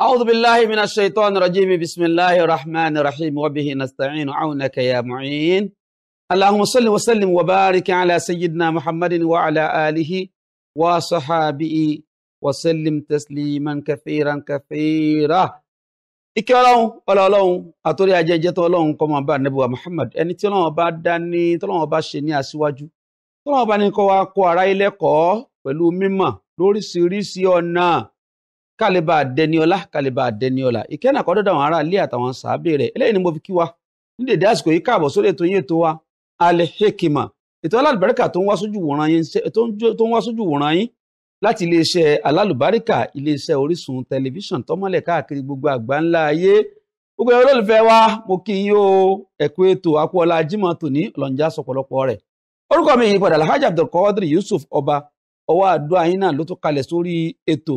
أعوذ بالله من الشيطان الرجيم بسم الله الرحمن الرحيم وبه نستعين عونك يا معين اللهم صل وسلم وبارك على سيدنا محمد وعلى آله وصحابه وسلم تسليما كثيرا كثيرا ìkẹ́ ọlọ́run ọlọ́ ọlọ́run àtòrí ajẹ́jẹ́ tó ọlọ́run kọ́ máa bá nẹ́bùwà Muhammad ẹni tí ọlọ́run bá dá ní tọ́lọ́run bá ṣe ní aṣíwájú tọ́lọ́run bá ní kọ́ wa kọ́ ara ilé kọ́ pẹ̀lú mímọ̀ lóríṣiríṣi ọ̀nà kálíbà dẹniọlá kálíbà dẹniọlá ìkẹ́nà àkọ́dọ́dọ̀ àwọn ará ilé àtàwọn sàábẹ̀ rẹ̀ eléyìí ni mo fi kí wa ní dèdè àsìkò yìí káàbọ̀ sórí ètò yín ètò wa alehekima ètò alálùbáríkà tó ń wá sójú wòran yín tó ń wá sójú wòran yín láti iléeṣẹ́ alálùbáríkà iléeṣẹ́ orísun tẹlifíṣàn tọ́mọ́lẹ̀ káàkiri gbogbo àgbá ńlá ayé gbogbo ẹ̀rọ olólùfẹ́ wa mo kí yín o ẹ̀kú ètò akọ́ọ̀lá jimoh tòní ọ̀lọ́njà sọ̀pọ̀lọpọ̀ rẹ̀ orúkọ mi ìyípadà alhaji abdulkadir yusuf ọba ọwọ́ àdúrà yín náà ló tún kalẹ̀ sórí ètò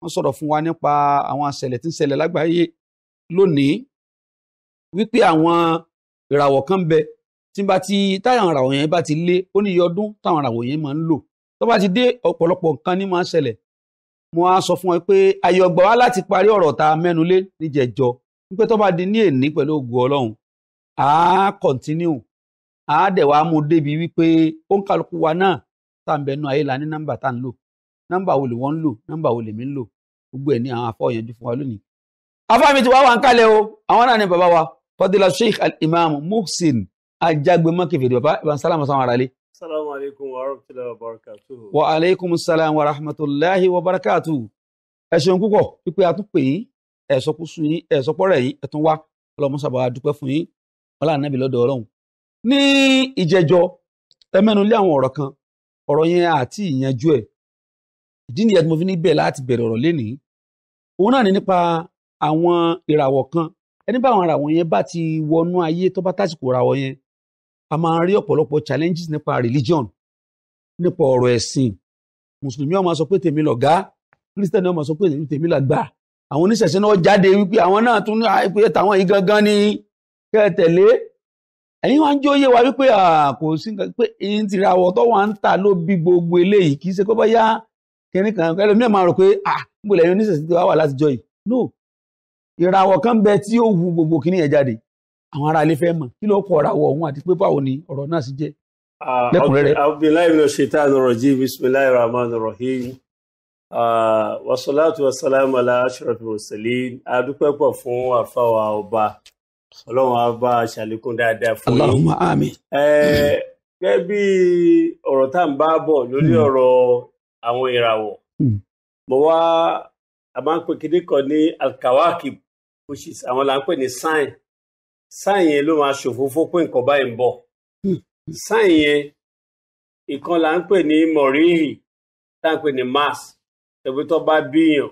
wọ́n sọ̀rọ̀ fún wa nípa àwọn àṣẹlẹ̀ tí ń ṣẹlẹ̀ lágbàáyé lónìí wípé àwọn ìràwọ̀ kan bẹ tí bá ti táwọn ìràwọ̀ yẹn bá ti lé ó ní iye ọdún táwọn ìràwọ̀ yẹn máa ń lò tó bá ti dé ọ̀pọ̀lọpọ̀ nǹkan ní máa ń ṣẹlẹ̀ mo á sọ fún ẹ pé ayọ̀ gbà wá láti parí ọ̀rọ̀ tá mẹ́nu lé níjẹ̀jọ wípé tó bá di ní èní pẹ̀lú ògùn ọlọ́run á kọ̀ntínú á dẹ̀ wá mú débi wípé ó ń kálukú wa náà tá à ń bẹnu ayé la ní nọ́mbà tá à ń lò nọ́mbà wo lè wọ́n ń lò nọ́mbà wo lèmi ń lò gbogbo ẹ̀ ní àwọn afọ́ fún wa lónìí. afáàmì ti wá wà ń kalẹ̀ o àwọn náà ni bàbá wa fadila sheikh imam muhsin ajagbemakefere bàbá ibà sálámù sáwọn ará ilé. wa rahmatulahi wa barakatuhu. wa alaikum salam wa rahmatulahi wa barakatuhu. ẹ ṣeun púpọ̀ pípé atúpè yín ẹ̀sọ́kúsù yín ẹ̀sọ́pọ̀rẹ̀ yín ẹ̀tún wá ọlọ́mọṣàbà dúpẹ́ fún yín ọlànàbì lọ́dọ̀ ọlọ́run. ní ìjẹjọ ẹ mẹ́nu lé àwọn ọ̀rọ̀ kan ọ̀rọ̀ yẹn àti ìyanjú ẹ̀ ìdí nìyẹn tí mo fi ní bẹ́ẹ̀ láti bẹ̀rẹ̀ ọ̀rọ̀ lénìí òun náà ní nípa àwọn ìràwọ̀ kan ẹni bá àwọn ìràwọ̀ yẹn bá ti wọnú ayé tó bá tásìkò ìràwọ̀ yẹn a máa rí ọ̀pọ̀lọpọ̀ challenges nípa religion nípa ọ̀rọ̀ ẹ̀sìn mùsùlùmí ó máa sọ pé tèmi lọ̀gá kírísítẹ́nì ó máa sọ pé tèmi làgbà àwọn oníṣẹ̀ṣe náà jáde wípé àwọn náà tún pé tàwọn yìí gangan ni kẹ́ ẹ tẹ̀lé ẹ̀yin wá ń jó yé wa wípé kò sí pé ìyìn tìràwọ̀ tó wà ń ta ló bí gbogbo eléyìí kì í ṣe kó bá kínní kan ẹlòmíì máa rò pé ah mo lẹ́yìn oníṣẹ̀ṣẹ̀ tí wàá wà látijọ́ yìí no ìràwọ̀ kan bẹ tí ó wu gbogbo kínní yẹn jáde àwọn ará ilé fẹ́ mọ̀ kí ló kọ ìràwọ̀ ọ̀hún àti pé báwo ni ọ̀rọ̀ náà sì jẹ́ ah, lẹ́kùnrẹ́rẹ́. abdullahi ibn shaitan rajim bisimilahi rahman rahim ah, wasalaatu wasalaamu ala ashraf mursalin adúpẹ́ pọ̀ fún àfàwà ọba ọlọ́run á bá dáadáa fún yín. Allahumma àmín. Eh, gẹ́gẹ́ bí ọ̀rọ̀ tá à ń bá bọ̀ lórí hmm. ọ̀rọ̀ àwọn ìràwọ̀ hmm. mo wá a máa ń pè kíní kan ní alkawakib which is àwọn là ń pè ní sign sign yẹn ló máa ṣòfófó pé nǹkan báyìí ń bọ̀ hmm. sign yẹn ìkan là ń pè ní mọ̀ríhì tá à ń pè ní mars tẹ̀wé tó bá bíyàn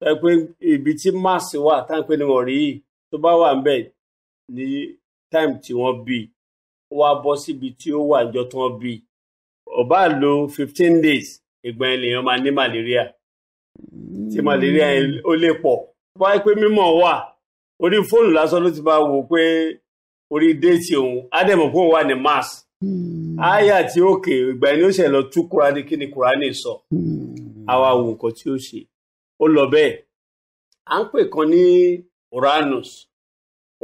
tẹ̀ pé ibi tí mars wà tá à ń pè ní mọ̀ríhì tó bá wà ń bẹ̀ ní time tí wọ́n bí wá bọ́ síbi tí ó wà níjọ́ tí wọ́n ọba lo fifteen days ìgbà yẹn lèèyàn máa ní màlẹ́ríà tí màlẹ́ríà hmm. yẹn ó lè pọ̀ wáyé pé mímọ̀ wà orí fóònù lásán ló ti bá wò pé orí déètì òun ádẹ́mọ̀ fóònù wà ní mars àyà tí ó kè ìgbà yẹn ó ṣe lọ tú kúránì kí ni kúránì sọ àwa hmm. wò nǹkan tí ó ṣe ó lọ bẹ́ẹ̀ à ń pè kan ní uranus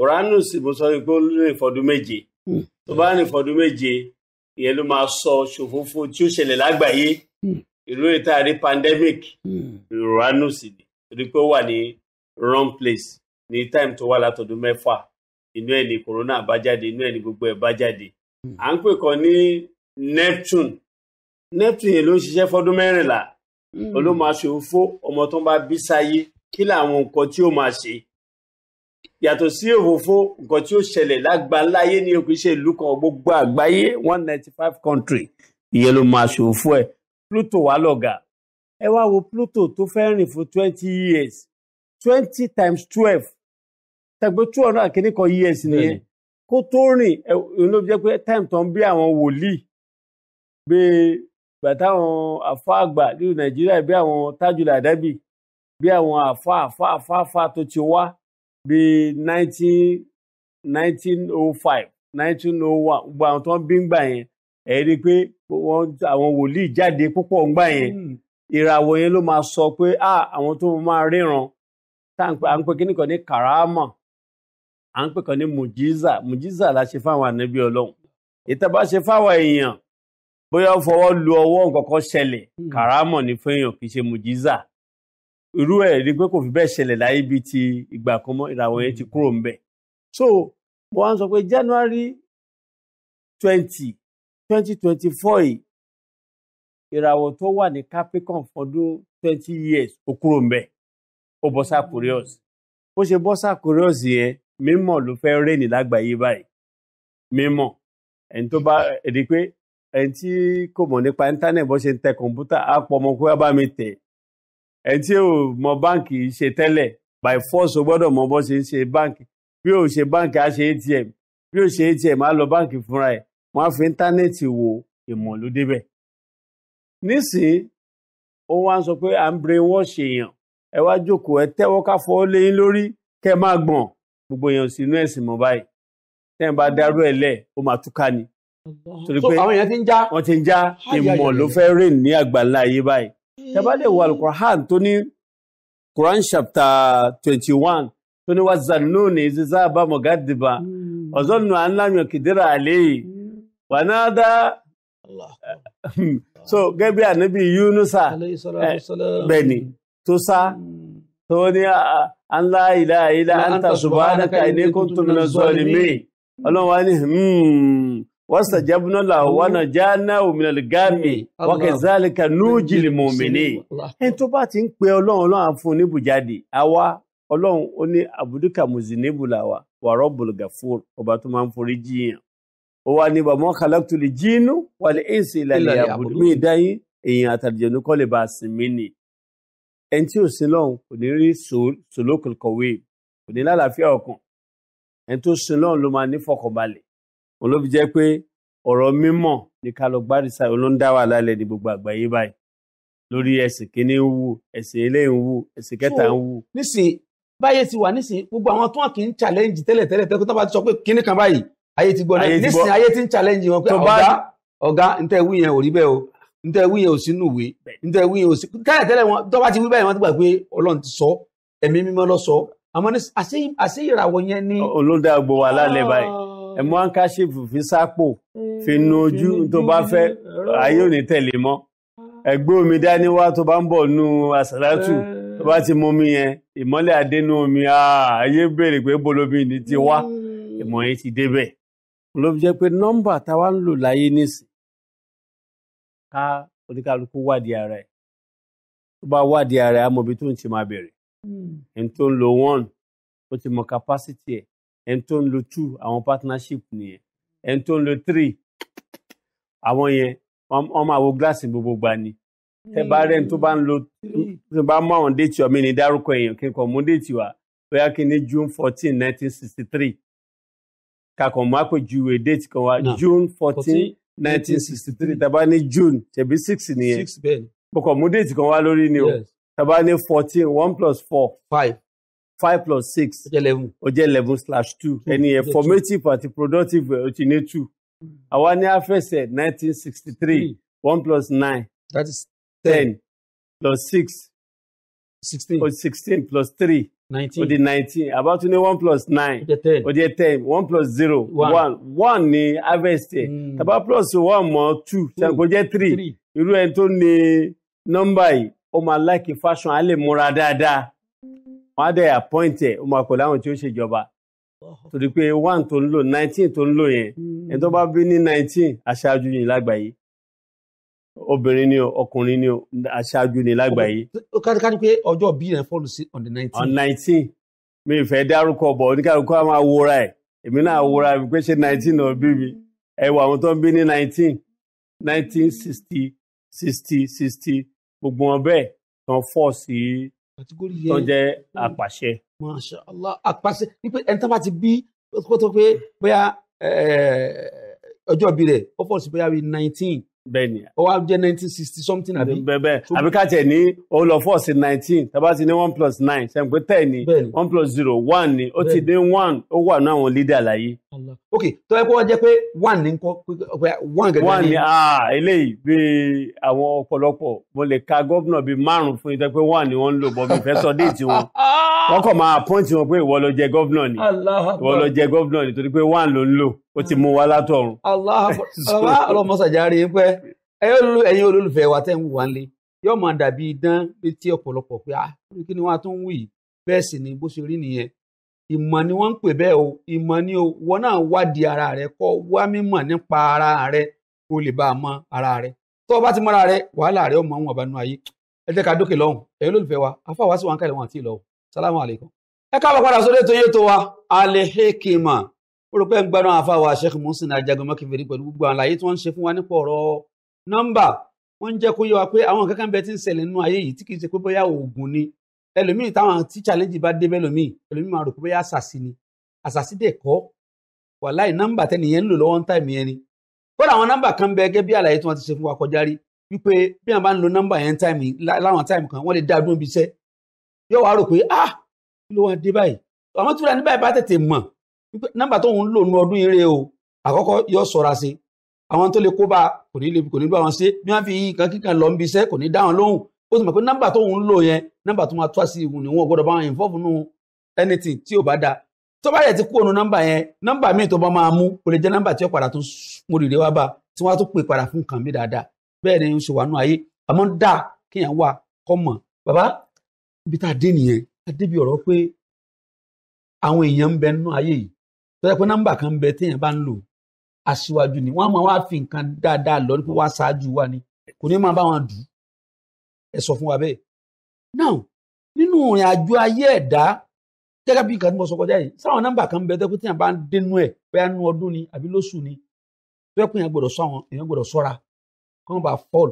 uranus mo sọ pé ó ní ìfọdún méje hmm. tó bá ní ìfọdún méje ìyẹn ló máa sọ ṣòfófó tí ó ṣẹlẹ̀ lágbàáyé ìlú ìtaari pandemic ìrònú hmm. sí ni torí pé ó wà ní wrong place ní time tó wà látọdún mẹ́fà inú ẹ̀ ní corona bá jáde inú ẹ̀ ní gbogbo ẹ̀ bá hmm. à ń pè kan ní neptune neptune yẹn ló ń ṣiṣẹ́ fọ́dún mẹ́rìnlá olómaṣe hmm. ń fó ọmọ tó ń bá bí sáyé kí làwọn nǹkan tí ó máa ṣe yàtọ̀ sí òfófó nǹkan tí ó ṣẹlẹ̀ lágbàláyé ní òkè ṣe ìlú kan gbogbo àgbáyé one ninety five country ìyẹn ló máa ṣòfò ẹ̀ pluto wà lọ́gà ẹ wá wo pluto tó fẹ́ rìn fún twenty years twenty times twelve tàbí two hundred àkíní kan years nìyẹn kó tó rìn ẹ ló jẹ́ pé time tó ń bí àwọn wòlíì bí bàtà àwọn àfa àgbà nínú nàìjíríà bí àwọn tájùlá àdábì bí àwọn àfa àfa àfa àfa tó ti wá bí nineteen nineteen oh five nineteen oh one gbogbo àwọn tó ń bí ń gbà yẹn ẹ rí i pé àwọn wòlíì jáde púpọ̀ ń gbà yẹn hmm. ìràwọ̀ yẹn ló máa sọ pé àwọn tó máa ríran tá à ń pè kí nìkan ní kàrámà à ń pè kàn ní mùjíza mùjíza la ṣe fáwọn ànábì ọlọ́run ìtàbá ṣe fáwọn èèyàn bóyá ó fọwọ́ lu ọwọ́ nǹkankan ṣẹlẹ̀ hmm. kàrámọ̀ ní fẹ́yàn kì í ṣe mùjíza irú ẹ̀ rí pé kò fi bẹ́ẹ̀ ṣẹlẹ̀ láyé bíi ti ìgbà kan mọ́ ìràwọ̀ yẹn ti hmm. kúrò ńbẹ̀ so mo wá ń sọ pé January twenty twenty twenty four yìí ìràwọ̀ tó wà ní Capricorn fọdún twenty years ó kúrò ń bẹ̀ ó bọ́ sá Aquarius bó ṣe bọ́ sá Aquarius yẹn mímọ̀ ló fẹ́ rẹ́ni lágbàáyé báyìí mímọ̀ ẹni tó bá ẹni pé ẹni tí kò mọ̀ nípa íńtánẹ̀tì bó ṣe ń tẹ kọ̀ǹpútà á pọ̀ ọmọ kó bá mi tẹ̀ ẹni tí ò mọ báǹkì ṣe tẹ́lẹ̀ by force o gbọ́dọ̀ mọ bó ṣe ń ṣe báǹkì bí ò ṣe báǹkì á ṣe ATM bí ò ṣe ATM á lọ báǹkì fúnra ẹ̀ wọ́n á fi íńtánẹ́ẹ̀tì wo ìmọ̀ ló débẹ̀ nísìnyí ó wá ń sọ pé à ń brainwash èèyàn ẹ wá jókòó ẹ tẹ́wọ́ ká fọ́ léyìn lórí kẹ́ ẹ máa gbọ̀n gbogbo èèyàn sì inú ẹ̀sìn mọ́ báyìí tẹ́ ẹ bá darú ẹ̀ lẹ̀ ó máa túká ni. torí pé àwọn èèyàn ti ń já wọ́n ti ń já ìmọ̀ ló fẹ́ rìn ní àgbàlá ayé báyìí. tẹ́ bá lè wo alukoran tó ní Quran chapter twenty one tó ní wàá zanoni ziza abamọ gadiba ọ̀zọ́nù hmm. anlamọ kìdíra àlẹ́ yìí. wanada so gẹ́gẹ́ bí ànábì Yunusa bẹ́ẹ̀ni tó sá tó ní anlá ìlà ìlà anta subhanaka inni kuntu minaz zalimin hmm. ọlọ́run wá ní wọ́sà jẹ́bùnà làwọn jáná òmìnà gámi wákẹ̀zálìkà nújìlì mọ̀mìnì ẹni tó bá ti ń pe ọlọ́run ọlọ́run fún níbù jáde àwa ọlọ́run ó ní àbúdíkà ó wá ní bàmọ́ khalaqtu lè jínú wà lè èsì ìlàlẹ̀ mi dáyín èèyàn àtàlìjẹ̀nu kọ́ lè ba sinmi nì ẹni tí ò sin lọ́hùn kò ní rí sòlókùn kọ̀wé kò ní lálàáfíà ọkàn ẹni tó sin lọ́hùn ló máa ní fọkànbalẹ̀ òun ló fi jẹ́ pé ọ̀rọ̀ mímọ́ ní ká lọ gbárìsà ló ń dá wà lálẹ́ ní gbogbo àgbáyé báyìí lórí ẹ̀sìn kínní ń wù ẹ̀sìn eléyìí ń wù ẹ̀sìn kẹta ń wù. nísìnyí báyé ti wà nísìnyí gbogbo àwọn tó wà kì í challenge tẹ́lẹ̀ tẹ́lẹ̀ tó bá ti sọ pé kínní kan báyìí ayé ti gbọ́ náà nísìnyí ayé ti ń challenge wọn pé ọ̀gá ọ̀gá ntẹ̀ wí yẹn ò rí bẹ́ẹ̀ o ntẹ̀ wí yẹn ò sínú ìwé ntẹ̀ wí yẹn ò sí káyà tẹ́lẹ̀ wọn tó bá ti wí báyìí wọn ti gbà pé ọlọ́run ti sọ ẹ̀mí mímọ́ lọ sọ àmọ́ ní àṣẹ ìràwọ̀ yẹn ní. olódà gbọ́ wà lálẹ́ báyìí ah. ẹ mú àǹkáṣífù fi sápò fi eh, nu ojú tó bá fẹ́ ayé ò ní tẹ̀lé mọ́ ah. ẹgbẹ́ omi dání wá tó bá ń bọ̀ nu àsàlátù eh. tó bá ti mú mi yẹn ìmọ́lẹ̀ adé nu omi ah, ayé béèrè pé bolomi ni ti wá hmm. ìmọ̀ yẹn ti débẹ̀ ló fi jẹ́ pé nọ́mbà táwa ń lò láyé nísìn ká oníkálukú wádìí ara ẹ̀ tó bá wádìí ara ẹ̀ á mọ ibi tó ń ti máa bẹ̀rẹ̀ hmm. ẹni tó ń lo one ó ti mọ capacity ẹ̀ ẹni tó ń lo two àwọn partnership nìyẹn ẹni tó ń lo three àwọn yẹn wọ́n máa wo gíláàsì gbogbo gbà ni ẹ bá rẹ tó bá ń lo hmm. tó bá mú àwọn déètì ọmọ mi dárúkọ èèyàn kí n kàn mú déètì wá bóyá kí n ní June fourteen nineteen sixty three kakàn mú àpèjúwe date kan wá june fourteen nineteen sixty three tàbá ní june ṣebí six nìyẹn mo kàn mú date kan wá lórí ni o tàbá ní fourteen one plus four five five plus six ó eleven slash two ẹni yẹn formative àti productive ó ni two àwa ní àfẹsẹ̀ nineteen sixty three one plus nine that is ten plus six sixteen oh, plus three 19. ó di 19 about tún ní 1 plus nine. ó di ten, one plus zero. One, one ní harvest ẹ̀ hmm. tàbá plus one mọ́ two. ṣàkó jẹ́ three. irú ẹni tó ní nọ́mbà yìí ó máa láìkí fashion á lè múra dáadáa wọ́n á dẹ̀ appoint ẹ̀ ó máa pẹ̀lú àwọn tí ó ṣèjọba oh. torí pé 1 tó ń lò 19 tó ń lò yẹn hmm. ẹni tó bá bí ní 19 aṣáájú yìí lágbàáyé obìnrin ni o ọkùnrin ni o aṣáájú ni lágbàáyé. ó kárí kárí pé ọjọ́ bí rẹ̀ fọ́ọ̀lù sí on the nineteen. on nineteen mi ìfẹ́ dárúkọ bọ̀ oníkàlùkù á máa wora ẹ̀ èmi náà wora ẹ̀ pé ṣe nineteen náà bí mi ẹ wọ àwọn tó ń bí ní nineteen nineteen sixty sixty sixty gbogbo wọn bẹ́ẹ̀ tán fọ́ sí tó jẹ́ àpàṣẹ. masha allah àpàṣẹ ní pé ẹni tó bá ti bí kó tó pé bóyá ọjọ́ bí rẹ̀ ó fọ́ọ̀lù sí bóyá bẹ́ẹ̀ni. ó wá jẹ́ nineteen sixty something àbí. bẹ́ẹ̀ àbí ká tẹ̀ ní ó lọ four sí nineteen tá ní one plus nine ṣe n pé ten ni one plus zero one ni ó ti dé one ó wà ní àwọn leader láyé. ok tó yẹ kó wọ́n jẹ́ pé one ní kọ́ one gẹ́gẹ́ bí. one ni aa ah, eléyìí bí àwọn ọ̀pọ̀lọpọ̀ mo lè ka gómìnà bíi márùn-ún fún yín tó pé one ni wọ́n ń lò bọ́ mi fẹ́ sọ déètì wọn ah! wọ́n kàn máa appoint wọn pé ìwọ ló jẹ gómìnà ni ìwọ ló jẹ gómìnà ni torí pé one ló ń lò ó ti mú wa látọ̀run. ọlọmọsàjáre pẹ ẹ̀yin olólùfẹ́ wa tẹ́ ń wù wá nílé yóò máa dàbí idán létí ọ̀pọ̀lọpọ̀ pé ah kí ni wọ́n á tún wù yìí bẹ́ẹ̀ sì ni bó ṣe rí nìyẹn ìmọ̀ ni wọ́n ń pè bẹ́ẹ̀ o ìmọ̀ ni o wọ́n náà wádìí ara rẹ kọ́ wá mímọ̀ nípa ara rẹ kó lè bá a mọ ara rẹ tó o bá ti mọ́ra rẹ wàhálà rẹ ó mọ àwọn àbánú ayé ẹ jẹ́ ká dókè lọ́hùn ẹ̀yin olólùfẹ́ wa afáwa sí wọn kálẹ̀ wọn àti ìlọ́wọ́ sálámù àlẹ́kùn ẹ káàbọ̀ padà sórí ètò yẹn tó wa Al Hikmat ó rò pé ń gbádùn àfa wa Sheikh Muhsin Ajagun Makinberi pẹ̀lú gbogbo àlàyé tí wọ́n ń ṣe fún wa nípa ọ̀rọ̀ nọ́mbà wọ́n ń jẹ́ kó yé wa pé àwọn kankan bẹ ti ń ṣẹlẹ̀ nínú ayé yìí tí kì í ṣe pé bóyá oògùn ni ẹlòmíì táwọn tí challenge bá dé bẹ́lòmíì ẹlòmíì máa rò pé bóyá àṣàṣì ni àṣàṣì dẹ̀ kọ́ wàláì nọ́mbà tẹ́nìyẹn ń lò lọ́wọ́ ń táìmì yẹn ni kódà àwọn nọ́mbà kan bẹ gẹ́gẹ́ bí àlàyé tí wọ́n ti ṣe fún wa kọjá rí wípé ah kí ló wá dé báyìí àwọn tí nọ́mbà tó ń lò nu ọdún eré o àkọ́kọ́ yọ sọra sí àwọn tó lè kó bá kò ní lè kò ní bá wọn ṣe bí wọ́n fi nǹkan kíkan lọ ń bi iṣẹ́ kò ní dá wọn lóhùn ó sì mọ̀ pé nọ́mbà tó ń lò yẹn nọ́mbà tó máa tó àṣì ìwù ni wọn bá wọn involve nù anything tí ò bá da tó bá yẹ ti kú ònu nọ́mbà yẹn nọ́mbà míì tó bá máa mú kò lè jẹ́ nọ́mbà tí ó padà tó mú rèé wá bá tí wọ́n á pè padà fún kàn mí dáadáa bẹ́ẹ̀ ni ṣe wà nù ayé àmọ́ dá kéèyàn wà kọ́ mọ̀ bàbá ibi tá a dé nìyẹn a àwọn èèyàn ń bẹ nínú ayé yìí tọ́jà pé nọ́mbà kan bẹ téèyàn bá ń lò aṣíwájú ni wọ́n á máa wá fi nǹkan dáadáa lọ nípa wá ṣáájú wa ni kò ní máa bá wọn dùn ẹ sọ fún wa bẹ́ẹ̀. now nínú ìrìn àjò ayé ẹ̀dá gẹ́gẹ́ bí nǹkan tí mo sọ kọjá yìí sáwọn nọ́mbà kan bẹ tẹ́kùn téèyàn bá ń dénú ẹ̀ bóyá nínú ọdún ni àbí lóṣù ni tọ́jà pé èèyàn gbọ́dọ̀ sọ àwọn èèyàn gbọ́dọ̀ fall.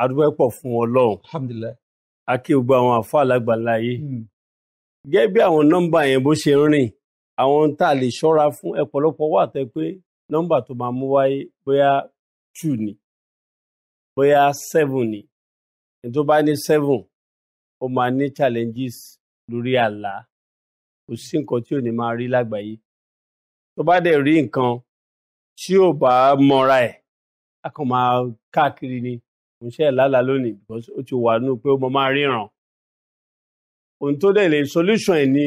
adúgbò pọ̀ fún Ọlọ́run a kí gbogbo àwọn gẹ́gẹ́ bí àwọn nọ́mbà yẹn bó ṣe ń rìn àwọn tá a lè ṣọ́ra fún ọ̀pọ̀lọpọ̀ wà tẹ́ pé nọ́mbà tó máa mú wáyé bóyá two ni bóyá seven ni ẹni tó bá ní seven ó máa ní challenges lórí àlá kò sí nǹkan tí ò ní máa rí lágbàáyé tó bá dẹ̀ rí nǹkan tí ò bá mọra ẹ̀ a kàn máa káàkiri ni mo ṣe ẹ̀ lálàá lónìí because ó ti wà nínú pé ó mọ máa ríran ohun tó dẹ̀ lè solution ẹ̀ ní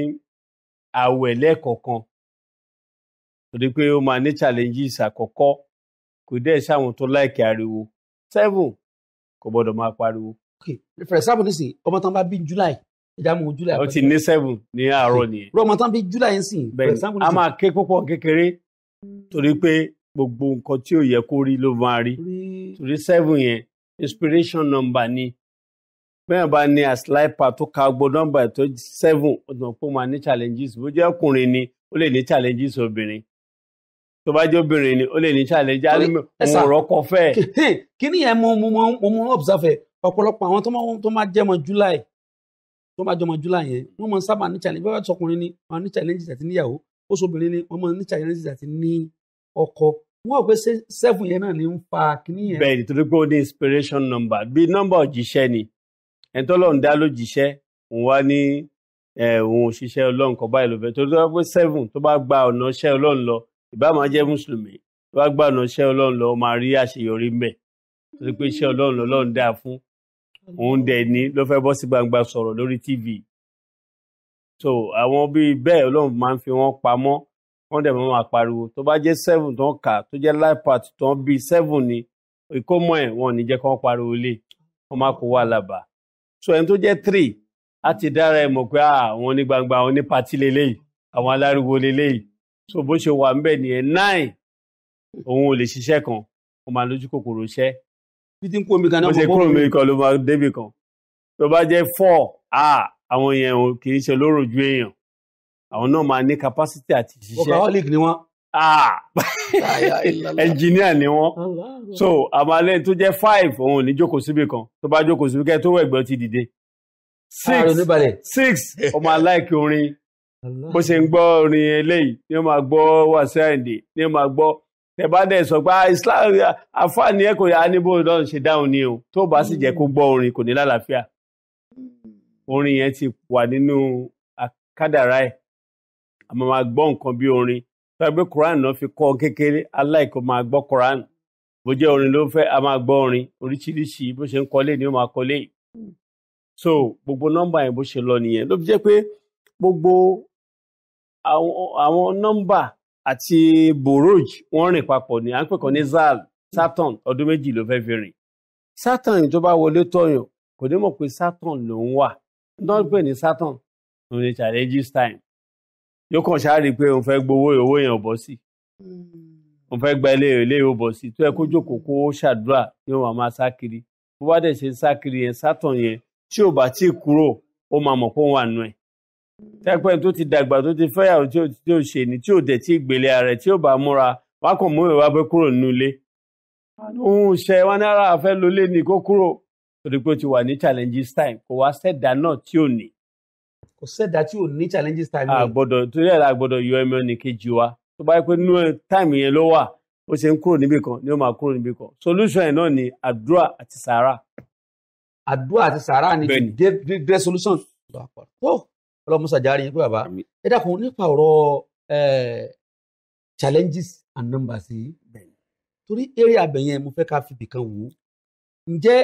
àwẹ̀ lẹ́ẹ̀kọ̀ọ̀kan torí pé ó máa ní challenges àkọ́kọ́ kò dẹ̀ sáwọn tó láìkí ariwo seven kò gbọ́dọ̀ máa pariwo. for example nísìnyí ọmọ tán bá bí july ìjà july. ó ti ní seven ní àárọ̀ nìyẹn. rọ ọmọ tán bí july ń sìn. bẹ́ẹ̀ a máa ké púpọ̀ kékeré torí pé gbogbo nǹkan tí ò yẹ kó rí ló máa rí torí seven yẹn inspiration number ni bẹ́ẹ̀ bá ní àsìláìpà tó ka gbọ́ nọ́mbà tó seven ọ̀dùn pọ̀ máa ní challenges bó jẹ́ ọkùnrin ni ó lè ní challenges obìnrin tó bá jẹ́ obìnrin ni ó lè ní challenges òun rọ́kọ fẹ́. kí ni ẹ mọ mo mọ observe ọ̀pọ̀lọpọ̀ àwọn tó máa jẹ́ ọmọ July tó máa jẹ́ ọmọ July yẹn wọ́n máa sábà ní challenge bá wà sọkùnrin ni wọ́n ní challenges àti níyàwó ó sọbìnrin ni wọ́n máa ní challenges àti ní ọkọ wọn ò pé seven yẹn náà ní ń fa kíní yẹn. bẹ́ẹ̀ni torí pé ó ní inspiration number bíi nọ́mbà òjíṣẹ́ ni ẹni tọ́lọ́run dá lójíṣẹ́ òun wá ní òun òṣìṣẹ́ ọlọ́run kan báyìí ló fẹ́ torí tó bá pé seven tó bá gba ọ̀nà iṣẹ́ ọlọ́run lọ ìbá máa jẹ́ mùsùlùmí tó bá gba ọ̀nà iṣẹ́ ọlọ́run lọ máa rí àṣeyọrí mẹ́ torí pé iṣẹ́ ọlọ́run lọ́lọ́run dáa fún òun dẹ̀ ní ló fẹ́ bọ́ sí gbangba sọ̀rọ̀ lórí tv so àwọn bíi bẹ́ẹ̀ ọlọ́run máa ń fi wọ́n pamọ́ wọ́n dẹ̀ máa pariwo tó bá jẹ́ seven tó ń kà tó jẹ́ life part tó ń bíi seven ni ìkómọ ẹ̀ wọn ò ní jẹ́ kó pariwo lé wọ́n má kó wà lábàá so ẹni tó jẹ́ three á ti dára ẹ̀ mọ̀ pé àwọn ní gbangba àwọn ní pati leléyìí àwọn aláriwo leléyìí so bó ṣe wà ńbẹ̀ nìyẹn nine òun ò lè ṣiṣẹ́ kan ó máa lójú kòkòrò iṣẹ́ títí kó omi kan náà mọ̀ kó omi kan ló máa débì kan tó bá jẹ́ four àwọn yẹn kì í ṣe lóròjú èèyàn àwọn náà máa ní capacity àti ṣiṣẹ́ workaholic ni wọ́n ẹnjìníà ah! ni wọ́n so àmàlẹ́ tó jẹ́ five òun ní jókòó síbi kan tó bá jókòó síbi kẹ́ tó wẹ̀gbẹ́ ti dìde six six ọmọ aláìkí orin bó ṣe ń gbọ́ orin eléyìí ni ó máa gbọ́ wàṣẹ àìndè ni ó máa gbọ́ tẹ̀bádẹ́ sọ pé ah, islam àfààní ẹ̀kọ́ yà á níbo náà ṣe dáhùn ni o tó bá sì jẹ́ kó gbọ́ orin kò ní lálàáfíà orin yẹn ti wà nínú àkádàrá ẹ̀ àmọ́ máa gbọ́ nǹkan bí orin tàbí quran náà fi kọ́ kékeré aláìkó máa gbọ́ quran bó jẹ́ orin ló fẹ́ a máa gbọ́ orin oríṣiríṣi bó ṣe ń kọ́lé ni ó máa kọ́lé so gbogbo nọ́mbà yẹn bó ṣe lọ nìyẹn ló fi jẹ́ pé gbogbo àwọn nọ́mbà àti boroj wọ́n rìn papọ̀ ní à ń pè kàn ní zal saturn ọdún méjì ló fẹ́ẹ́ fi rìn saturn tó bá wọlé tọyàn kò ní mọ̀ pé saturn ló ń wà náà pè ní saturn òun ni challenges time yóò kàn ṣáàrí pé òun fẹ́ gbowó owó yẹn ò bọ́ sí hmm. òun fẹ́ gba ilé ilé ò bọ́ sí tó yẹ kó jókòó kó ṣàdúrà yóò wà máa sá kiri bó bá dẹ̀ ṣe ń sá kiri yẹn sátàn yẹn tí ò bá tí ì kúrò ó máa mọ̀ pé òun wà nù ẹ̀ hmm. tẹ́pẹ́ tó ti dàgbà tó ti fẹ́yàwó tí ò tí ò ṣe ni tí ò dẹ̀ tí ì gbélé ara rẹ̀ tí ò bá múra wá kàn mú ìwà pé kúrò nínú ilé òun ṣe wá ní ara àfẹ́ lólé ni kó kúrò torí pé ó ti wà ní challenges time kò wá ṣẹ̀dá náà tí ò ní kò sẹ́dá tí ò ní challenges time àgbọ̀dọ̀ torí ẹ̀ la gbọ́dọ̀ yọ ẹmọ ní kejì wa tó bá yẹ pé nínú time yẹn ló wà ó ṣe ń kúrò níbì kan ni ó máa kúrò níbì kan solution ẹ̀ náà ni àdúrà àti sàárà. àdúrà àti sàárà ni to get solution. tó ọlọ́musa járe yín pé bàbá ẹ nípa and numbers yìí torí area mo ká fi bìkan wò ó ǹjẹ́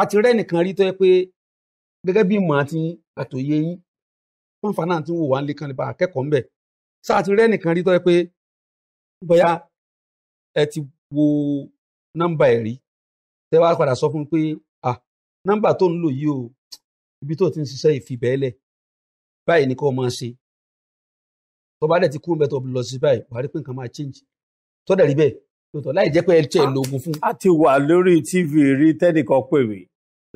a ti rẹ́ gẹ́gẹ́ bí ìmọ̀ àti àtòyé yín wọ́n fa náà tí wò wá ń lé kan lè bá akẹ́kọ̀ọ́ ńbẹ̀ sáà ti rẹ́ nìkan rí tọ́ ẹ pé bóyá ẹ ti wo nọ́mbà ẹ̀ rí tẹ́ wá padà sọ fún un pé à nọ́mbà tó ń lò yìí o ibi tó ti ń ṣiṣẹ́ ìfibẹ́lẹ̀ báyìí ni máa ṣe tó bá dẹ̀ ti kú mẹ́tọ̀ lọ sí báyìí wàá rí pé nǹkan máa change tó dẹ̀ rí bẹ́ẹ̀ lóòótọ́ láì jẹ́ pé ẹ tiẹ̀ lo oògùn fún. a ti wà lórí tv rí tẹ́nìkan pè mí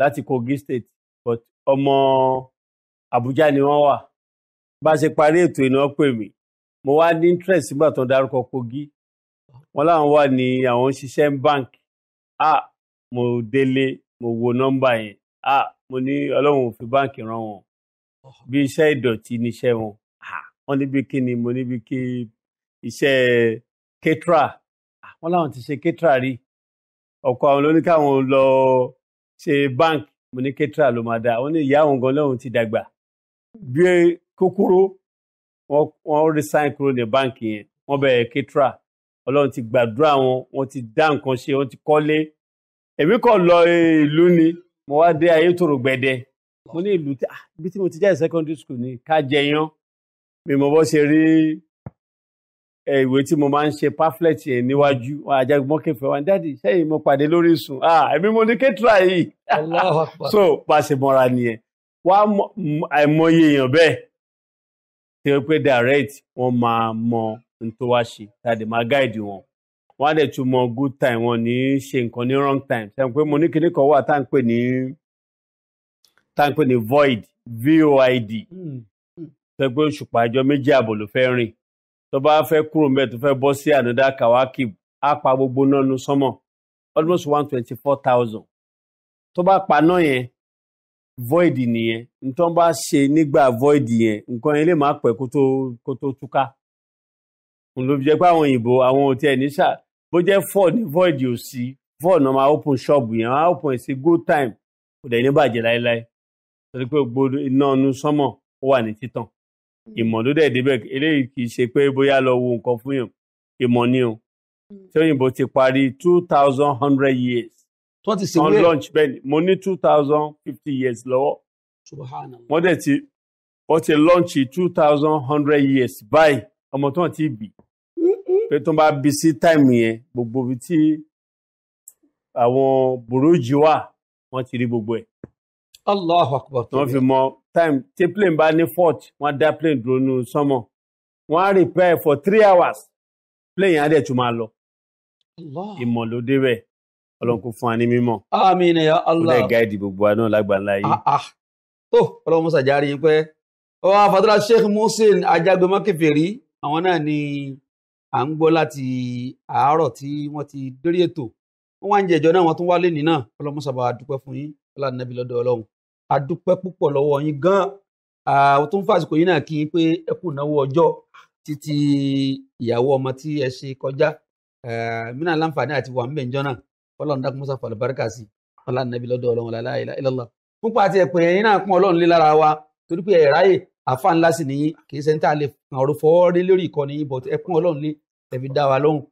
láti Kogi State but ọmọ Àbújá ni wọ́n wà bá a ṣe parí ètò ìnáwó pè mí mo wá ní interest nígbà tó ń darúkọ Kogi wọn láwọn wà ní àwọn ń bank a mo délé mo wo nọ́mbà yẹn a mo ní Ọlọ́run ò fi báǹkì ràn wọ́n bí iṣẹ́ ìdọ̀tí níṣẹ́ wọn wọ́n níbi kí ni mo níbi kí iṣẹ́ ketra wọ́n láwọn ti ṣe ketra rí ọkọ àwọn lóníkàwọn lọ ṣe bank mo ní ketra ló máa dáa wọ́n ní ìyá òun gan lọ́hùn ti dàgbà bí kòkòrò wọ́n resign kúrò ní báǹkì yẹn wọ́n bẹ̀rẹ̀ ketra ọlọ́run ti gbàdúrà wọn wọ́n ti dá nǹkan ṣe wọ́n ti kọ́lé èmi kò lọ eh, ìlú ni mo wá dé ayétòrò gbẹdẹ mo ní ìlú ah, ibi tí mo ti jáde secondary school ní kájẹyán mi mo bọ́ ṣe rí ìwé tí mo máa ń ṣe pamphlet yẹn níwájú àjàgbọ́nkẹfẹ́ wa dáàdi sẹ́yìn mo pàdé lórí Orísun ẹ̀mí mo ní kẹ́tura yìí so bá a ṣe mọ́ra nìyẹn wá àìmọye èèyàn bẹ́ẹ̀ tí ó pé direct wọ́n máa mọ n tó wá ṣe tàdé máa guide wọn wọ́n á dẹ̀ tún mọ good time wọn ní ṣe nǹkan ní wrong time ṣe pé mo ní kinní kan wà tá à ń pè ní tá à ń pè ní void void pé hmm, hmm. pé òṣùpá ẹjọ́ méjì ààbò ló fẹ́ rìn tó bá fẹ́ kúrò mbẹ́ tó fẹ́ bọ́ sí ànádá kawakib á gbogbo náà nu sánmọ̀ almost one twenty four thousand tó bá paná yẹn void nìyẹn nítorí wọ́n bá ṣe nígbà void yẹn nǹkan yẹn lè má pẹ́ kó tó kó tó túká ló pé àwọn òyìnbó àwọn òtí ẹ̀ ní bó jẹ́ four ní void ò sí four náà máa open shop yẹn máa open ẹ̀ sí good time kò dẹ̀ ní bàjẹ́ láéláé torí pé gbogbo iná ọ̀nù sánmọ̀ ó wà ní títàn ìmọ̀ ló hmm. dẹ̀ débẹ̀ eléyìí kì í ṣe pé bóyá lọ wo nǹkan fún yàn ìmọ̀ ni o tí hmm. òyìnbó ti parí two thousand hundred years on launch bẹ́ẹ̀ ni mo ní two thousand fifty years lọ́wọ́ wọ́n dẹ̀ ti wọ́n ti launch two thousand hundred years báyìí ọmọ tó ń ti bì pé tó ń bá bí sí táìmù yẹn gbogbo ibi tí àwọn bùrújì wà wọ́n ti rí gbogbo ẹ̀. Allahu Akbar. wọ́n fi mọ time tí plane bá ní fault wọ́n dá plane dúró ní sọ́mọ̀ wọ́n á repair for three hours plane yẹn á dẹ̀ tún máa lọ. ìmọ̀ ló débẹ̀ ọlọ́run kò fún wa ní mímọ̀. àmín ya Allah. kó dẹ̀ gáàdì gbogbo wa náà lágbàlá yìí. Ah, ah. tó ọlọ́run musa járe yín pẹ́ ọwọ́ àfàdúrà Sheikh Muhsin Ajagbemakeferi àwọn náà ni à ń gbọ́ láti àárọ̀ tí wọ́n ti dórí ètò wọ́n wá ń jẹ̀jọ́ náà wọ́n tún wá lé nínà ọlọ́run musa bá dúpẹ́ fún yín ọlọ́run nàbí lọ́dọ̀ ọlọ́run a dúpẹ́ púpọ̀ lọ́wọ́ yín gan àwọn tó ń fàsìkò yín náà kí n pé ẹ kú náwó ọjọ́ títí ìyàwó ọmọ tí ẹ ṣe kọjá mí náà láǹfààní àti wà mẹ́jọ náà ọlọ́run dákun mọ́sá fàlù báríkà sí ọlọ́run nàbí lọ́dọ̀ ọlọ́run la ilaha àti ẹ̀pẹ̀ yín náà pọ́n ọlọ́run lé wa torí pé ẹ̀ráyè àfa ńlá sì nìyí kì í sẹ́ńtà lè ọ̀rọ̀ fọwọ́ rí lórí ìkànnì yín but ẹ pọ́n ọlọ́run lé ẹ fi dá wa lóhùn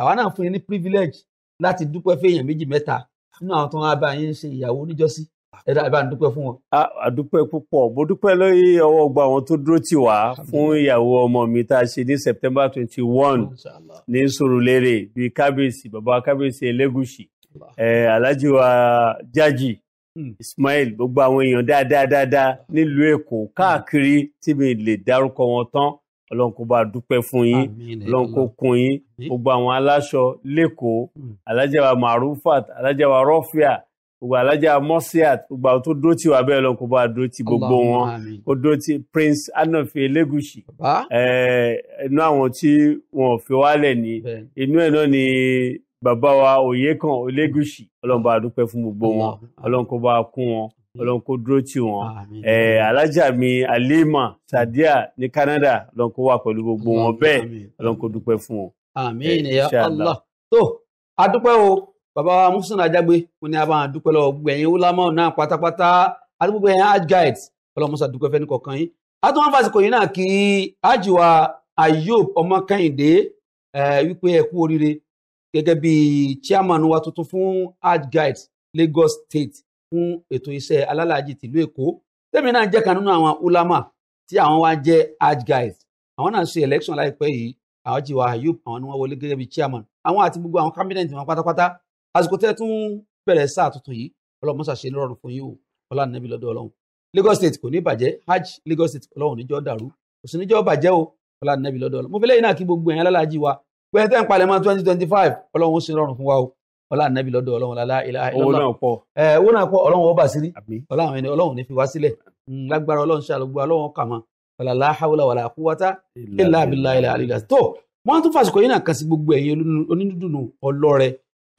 àwa náà fún yín ní privilege láti dúpẹ́ fẹ́yàn méjì mẹ́ta nínú àwọn tó ń bá yín ṣe ìyàwó níjọ́sí ẹ dá ìbánu dúpẹ́ fún wọn. a dúpẹ́ púpọ̀ mo dúpẹ́ lórí ọwọ́ gba àwọn tó dúró tì wá fún ìyàwó ọmọ mi tá a ṣe ní September twenty one ní Sùúrùlérè bíi kábíyèsí bàbá kábíyèsí Elégùṣì Alhaji wa Jaji hmm. Ismail gbogbo àwọn èèyàn dáadáa dáadáa nílùú Èkó káàkiri tí mi lè dárúkọ wọn tán ọlọ́run kó bá dúpẹ́ fún yín ọlọ́run kó kún yín gbogbo àwọn aláṣọ lẹ́kọ̀ọ́ hmm. alájàwá marufat alájàwá rọ́fíà gbogbo alájà mọ́síàt gbogbo àwọn tó dó tì wá bẹ́ẹ̀ lọ́n kó bá dó tì gbogbo wọn kó dó tì prince anofe legushi, inú àwọn tí wọn fi wálẹ̀ ní inú ẹ̀ náà ni bàbá wa òye kan elegushi ọlọ́run bá dúpẹ́ fún gbogbo wọn ọlọ́run kó bá kún wọn Mm. Ọlọ́run kó dúró tì wọ́n alájà mi Alima Sadia ní Canada Ọlọ́run kó wà pẹ̀lú gbogbo wọn bẹ́ẹ̀ Ọlọ́run kó dúpẹ́ fún wọn. àmín ya Allah tó adúpẹ́ o bàbá wa Muhsin Ajagbe mo ní abá àdúpẹ́ lọ́wọ́ gbogbo ẹ̀yin wúlámọ́ náà pátápátá adúgbò ẹ̀yin hajj guides Ọlọ́run musa dúpẹ́ fẹ́ni kọ̀ọ̀kan yín látọ̀ wọn fàṣikò yìí náà kí hajj wa Ayub ọmọ Kẹ́hìndé wípé ẹ kú oríire gẹ́gẹ́ bí chairman wa tuntun fún hajj guides Lagos State fún ètò iṣẹ́ alálàájì tìlú èkó tèmi náà jẹ́ kan nínú àwọn ulama tí àwọn wá jẹ́ hajj guys àwọn náà ṣe election láìpẹ́ yìí àwọn ti wà Ayub àwọn ni wọ́n wọlé gẹ́gẹ́ bí chairman àwọn àti gbogbo àwọn cabinet wọn pátápátá àsìkò tẹ́ tún bẹ̀rẹ̀ sáà tuntun yìí ọlọ́mọ ṣàṣe lọ́rùn fún yìí o ọlá nàbí lọ́dọ̀ ọlọ́run Lagos state kò ní bàjẹ́ hajj Lagos state ọlọ́run níjọ́ dàrú kò sì níjọ́ bàjẹ́ o ọlá nàbí lọ́dọ̀ ọlọ́run mo fi lẹ́yìn náà kí gbogbo ẹ̀yin alálàájì wa pé tẹ́ ń palẹ̀mọ́ twenty twenty five ọlọ́run ó ṣe lọ́rùn fún wa o ọlá ànábì lọ́dọ̀ ọlọ́run lálá ilá ilá owó náà pọ̀ owó náà pọ̀ ọlọ́run ọba sírí ọlọ́run ẹni ọlọ́run ní fi wá sílẹ̀ hmm. lágbára ọlọ́run ṣàlùgbọ ọlọ́run kà mọ́ ọ̀làlá hawla wàlà quwwata illa billahi ilà àlìlà tó wọ́n tún fàṣìkò yín náà kàn sí gbogbo ẹ̀yin onídùnnú ọlọ́rẹ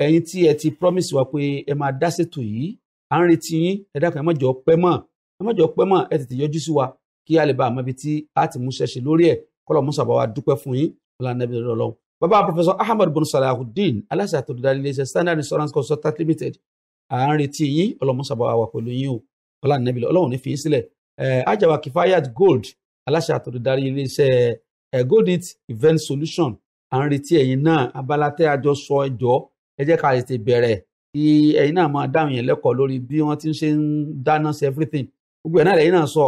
ẹ̀yin tí ẹ ti promise wa pé ẹ máa dá ṣètò yìí à ń retí yín ẹ dákun ẹ má jọ pẹ́ mọ́ ẹ má jọ pẹ́ ẹ tètè yọjú sí wa kí a lè bá àmọ́ ibi tí a ti mú ṣẹ́ṣe bàbá professor ahmed bin salahuddin aláṣẹ àtòdúdarí iléeṣẹ́ standard insurance consultant limited à ń retí yín ọlọmọsàbáwá wà pẹ̀lú yín o ọlànàbílẹ ọlọ́run ní fi yín sílẹ̀ ajawa kifayat gold aláṣẹ àtòdúdarí iléeṣẹ́ goldit event solution à ń retí ẹ̀yin náà abala tẹ àjọ sọ ẹjọ ẹ jẹ́ ká tètè bẹ̀rẹ̀ kí ẹ̀yin náà máa dáhùn yẹn lẹ́kọ̀ọ́ lórí bí wọ́n ti ń ṣe ń dáná sí everything gbogbo ẹ̀ náà lẹ́yìn náà sọ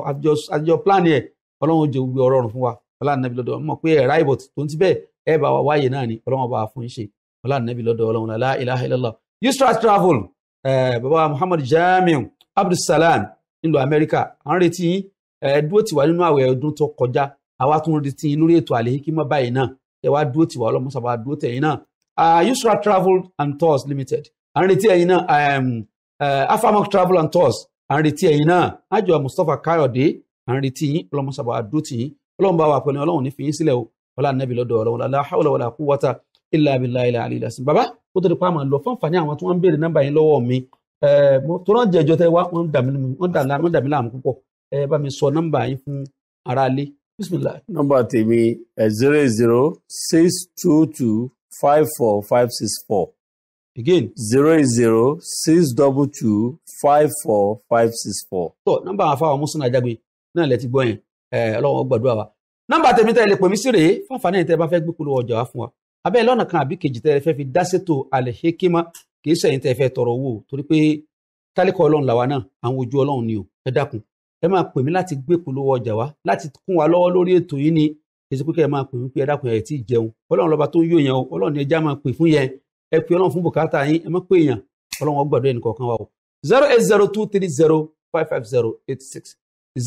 àjọ plan yẹ ọlọ́run jẹ gbogbo ọ̀rọ̀ ọ̀run fún wa ọlànàbílẹ ọdọ ẹ bá wa wáyé náà ni ọlọ́wọ́n bá fún ṣe ọlá nàbí lọ́dọ̀ ọlọ́wọ́n la ilaha illallah yusra travel baba muhammad jamiu abdulsalam nílùú amẹ́ríkà à ń retí yín dúró tiwa nínú àwẹ̀ ọdún tó kọjá àwa tún retí yín lórí ètò àlèhíkímọ́ báyìí náà ẹ wá dúró tiwa ọlọ́mọṣà bá dúró tẹ̀yìn náà yusra travel and tours limited à ń retí ẹ̀yin náà afamok travel and tours à ń retí ẹ̀yin náà àjọ mustapha kayode à ń retí yín ọlọ́mọṣà bá dúró tì yín ọlọ́run bá wà pẹ̀lú ọlọ́run ní fi yín sílẹ̀ o wọlá anabi lọ́dọ̀ Ọlọ́run la hawla wala quwwata illa billahi ilà àlè ìdásí baba kó tó di pa àmà lọ fáǹfààní àwọn tí wọ́n ń béèrè nọ́mbà yẹn lọ́wọ́ mi tó rán jẹjọ tẹ wá wọ́n dàmí láàmú púpọ̀ ẹ bá mi sọ nọ́mbà yẹn fún aráalé bisimilayi. nọ́mbà tèmi zero zero six two two five four five six four again zero zero six double two five four five six four. tọ nọ́mbà àwọn afáwọn mùsùlùmí náà lẹ ti gbọ́ yẹn Ọlọ́run ó gbàdúrà wa nọ́mbà tèmi tẹ́ lè pè mí sí rèé fún àǹfààní yìí tẹ́ bá fẹ́ gbé polówó ọjà wá fún wa abẹ́ lọ́nà kan àbí kejì tẹ́ fẹ́ fi dá sétò alẹ́ hekima kìí sẹ́yìn tẹ́ fẹ́ tọrọ owó torí pé tálíkọ̀ ọlọ́run làwa náà àwọn ojú ọlọ́run ni o ẹ dákun ẹ máa pè mí láti gbé polówó ọjà wá láti kún wa lọ́wọ́ lórí ètò yìí ni èsì pípẹ́ ẹ máa pè mí pé ẹ dákun ẹ tí ì jẹun ọlọ́run lọ́ba tó ń yó yẹn o ọlọ́run ẹja máa pè fún yẹn ẹ pè ọlọ́run fún bùkátà yín ẹ má pè èèyàn ọlọ́run ó zero eight zero two three zero five five zero eight six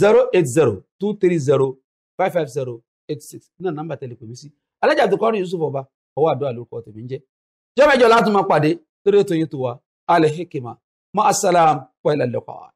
zero eight zero two three zero five five zero eight six náà nọ́mbà tẹ̀lé pèmí sí alájà tó kọrin Yusuf ọba ọwọ́ àdúrà lórúkọ tèmi ń jẹ́ jẹ́mẹ̀jọ láti máa pàdé lórí ètò yìí tó wa Al Hikmat ma asalam wa ilal liqa.